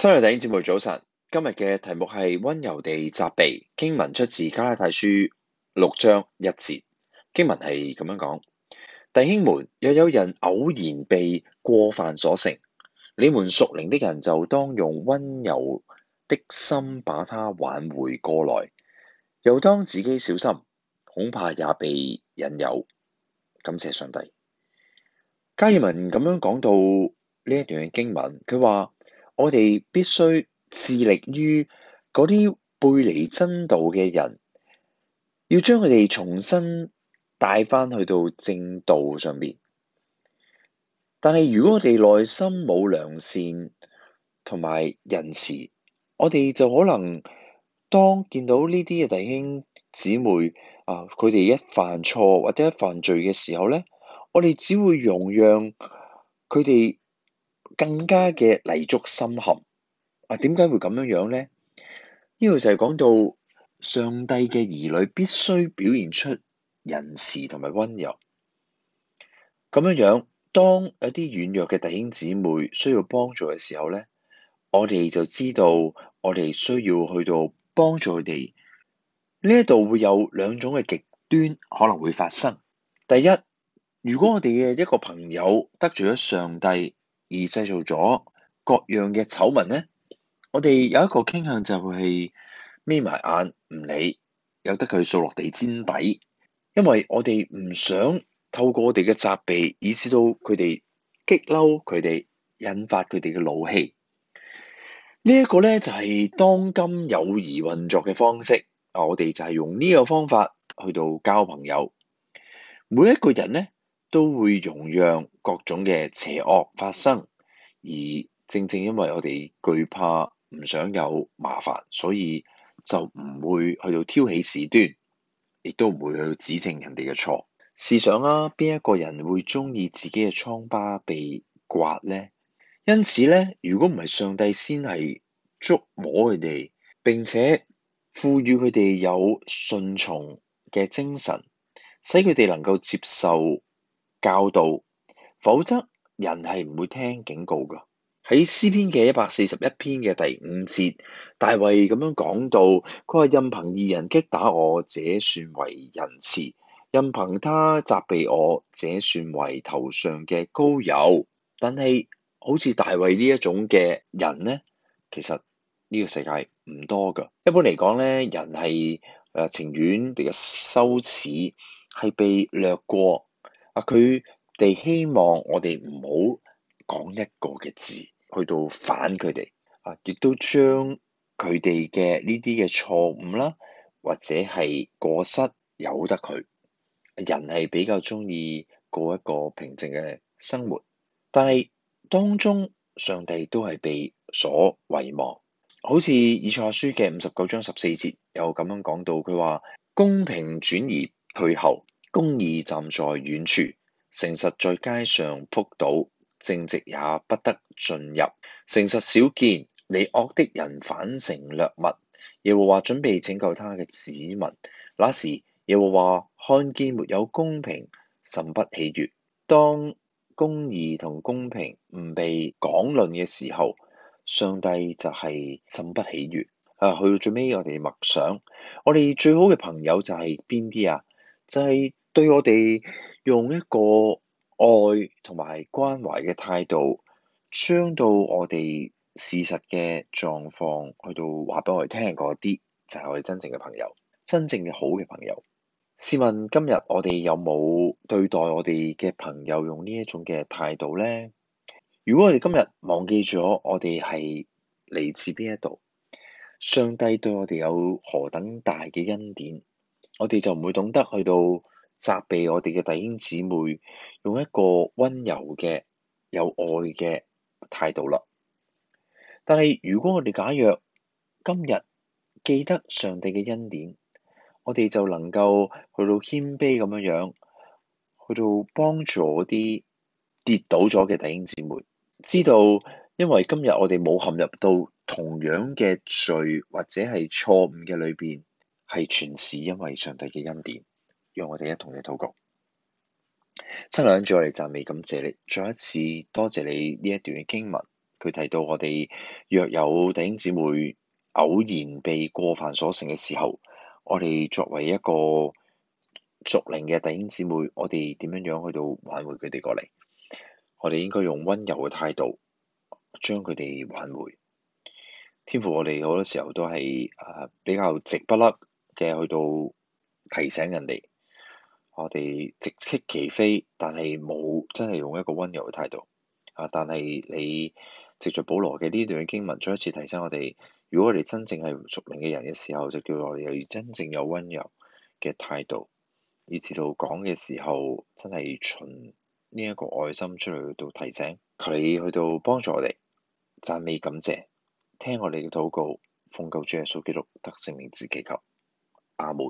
新嘅弟兄姐妹，早晨，今日嘅題目係溫柔地責備。經文出自《加拉太書》六章一節。經文係咁樣講：弟兄們，又有人偶然被過犯所勝，你們屬靈的人就當用溫柔的心把他挽回過來，又當自己小心，恐怕也被引誘。感謝上帝。加爾文咁樣講到呢一段嘅經文，佢話。我哋必須致力於嗰啲背離真道嘅人，要將佢哋重新帶翻去到正道上面。但係如果我哋內心冇良善同埋仁慈，我哋就可能當見到呢啲嘅弟兄姊妹啊，佢哋一犯錯或者一犯罪嘅時候呢，我哋只會容讓佢哋。更加嘅泥足深陷。啊，點解會咁樣樣呢？呢度就係講到上帝嘅兒女必須表現出仁慈同埋溫柔。咁樣樣，當一啲軟弱嘅弟兄姊妹需要幫助嘅時候呢，我哋就知道我哋需要去到幫助佢哋。呢度會有兩種嘅極端可能會發生。第一，如果我哋嘅一個朋友得罪咗上帝，而製造咗各樣嘅醜聞呢，我哋有一個傾向就係眯埋眼唔理，由得佢掃落地毯底，因為我哋唔想透過我哋嘅責備，以致到佢哋激嬲佢哋，引發佢哋嘅怒氣。呢、這、一個呢，就係、是、當今友誼運作嘅方式，我哋就係用呢個方法去到交朋友。每一個人呢，都會容讓各種嘅邪惡發生。而正正因為我哋懼怕唔想有麻煩，所以就唔會去到挑起事端，亦都唔會去到指正人哋嘅錯。試想啊，邊一個人會中意自己嘅瘡疤被刮呢？因此呢，如果唔係上帝先係捉摸佢哋，並且賦予佢哋有順從嘅精神，使佢哋能夠接受教導，否則，人係唔會聽警告噶，喺詩篇嘅一百四十一篇嘅第五節，大衛咁樣講到：佢話任憑義人擊打我，這算為仁慈；任憑他責備我，這算為頭上嘅膏油。但係好似大衛呢一種嘅人呢，其實呢個世界唔多噶。一般嚟講呢，人係誒、呃、情願嚟嘅羞恥係被掠過啊佢。哋希望我哋唔好講一個嘅字，去到反佢哋啊，亦都將佢哋嘅呢啲嘅錯誤啦，或者係過失，由得佢，人係比較中意過一個平靜嘅生活，但係當中上帝都係被所遺忘。好似以賽書嘅五十九章十四節有咁樣講到，佢話公平轉移退後，公義站在遠處。誠實在街上撲倒，正直也不得進入。誠實少見，離惡的人反成掠物。耶和華準備拯救他嘅子民。那時會，耶和華看見沒有公平，甚不喜悦。當公義同公平唔被講論嘅時候，上帝就係甚不喜悦。啊，去到最尾，我哋默想，我哋最好嘅朋友就係邊啲啊？就係、是、對我哋，用一個愛同埋關懷嘅態度，將到我哋事實嘅狀況去到話俾我哋聽嗰啲，就係我哋真正嘅朋友，真正嘅好嘅朋友。試問今日我哋有冇對待我哋嘅朋友用呢一種嘅態度呢？如果我哋今日忘記咗我哋係嚟自邊一度，上帝對我哋有何等大嘅恩典，我哋就唔會懂得去到。責備我哋嘅弟兄姊妹，用一個温柔嘅、有愛嘅態度啦。但係，如果我哋假若今日記得上帝嘅恩典，我哋就能夠去到謙卑咁樣樣，去到幫助啲跌倒咗嘅弟兄姊妹，知道因為今日我哋冇陷入到同樣嘅罪或者係錯誤嘅裏邊，係全是因為上帝嘅恩典。讓我哋一同嚟禱告。親愛主，我哋讚美感謝你，再一次多謝你呢一段嘅經文。佢提到我哋若有弟兄姊妹偶然被過犯所成嘅時候，我哋作為一個屬靈嘅弟兄姊妹，我哋點樣樣去到挽回佢哋過嚟？我哋應該用温柔嘅態度將佢哋挽回。天父，我哋好多時候都係、呃、比較直不甩嘅，去到提醒人哋。我哋直斥其非，但係冇真係用一個温柔嘅態度。啊！但係你藉著保羅嘅呢段嘅經文，再一次提醒我哋，如果我哋真正係屬靈嘅人嘅時候，就叫我哋要真正有温柔嘅態度，以至到講嘅時候，真係從呢一個愛心出嚟去到提醒，佢去到幫助我哋讚美感謝，聽我哋嘅禱告，奉救主耶穌基督得勝名字祈求，阿門。